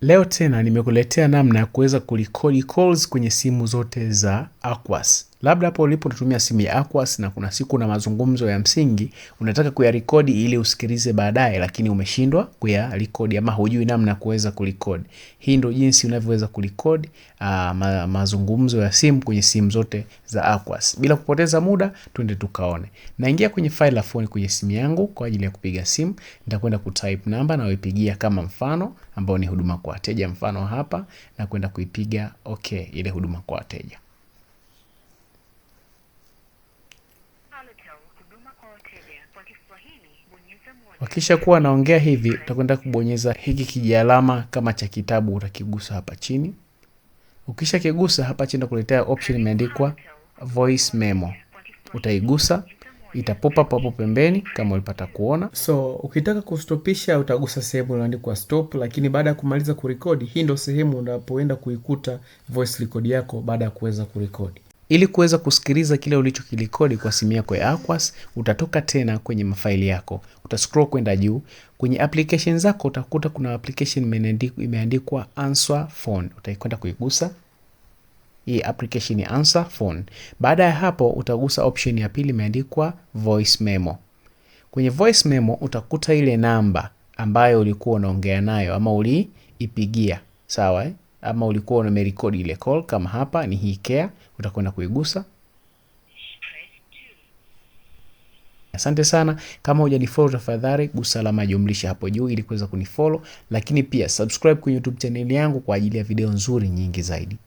Leo tena nimekuletea namna ya kuweza kurekodi calls kwenye simu zote za Aquas labda hapo ulipo unatumia simu ya Aquas na kuna siku na mazungumzo ya msingi unataka kuyarekodi ili usikilize baadaye, lakini umeshindwa kuyarekodi ama hujui namna kuweza kurekodi. Hii ndio jinsi unavyoweza uh, ma, mazungumzo ya simu kwenye simu zote za Aquas. Bila kupoteza muda, twende tukaone. Naingia kwenye file la phone kwenye simu yangu kwa ajili ya kupiga simu. Nitakwenda kutype namba na kuipigia kama mfano ambao ni huduma kwa wateja, mfano hapa na kwenda kuipiga okay, ile huduma kwa wateja. Wakisha kuwa naongea hivi, utakwenda kubonyeza hiki kijialama kama cha kitabu, utakigusa hapa chini. Ukisha kigusa hapa chini, utakuletea option imeandikwa voice memo, utaigusa itapopa hapo pembeni kama ulipata kuona. So ukitaka kustopisha utagusa sehemu iliyoandikwa stop, lakini baada ya kumaliza kurekodi, hii ndio sehemu unapoenda kuikuta voice record yako baada ya kuweza kurekodi. Ili kuweza kusikiliza kile ulichokirekodi kwa simu yako ya Aquas, utatoka tena kwenye mafaili yako, utascroll kwenda juu kwenye application zako, utakuta kuna application imeandikwa Answer Phone, utaikwenda kuigusa hii application ya Answer Phone. Baada ya hapo, utagusa option ya pili imeandikwa voice memo. Kwenye voice memo utakuta ile namba ambayo ulikuwa unaongea nayo ama uliipigia, sawa eh? ama ulikuwa unamerikodi ile call. Kama hapa ni hii care, utakwenda kuigusa. Asante sana. Kama hujanifollow tafadhali gusa alama jumlisha hapo juu ili kuweza kunifollow, lakini pia subscribe kwenye YouTube channel yangu kwa ajili ya video nzuri nyingi zaidi.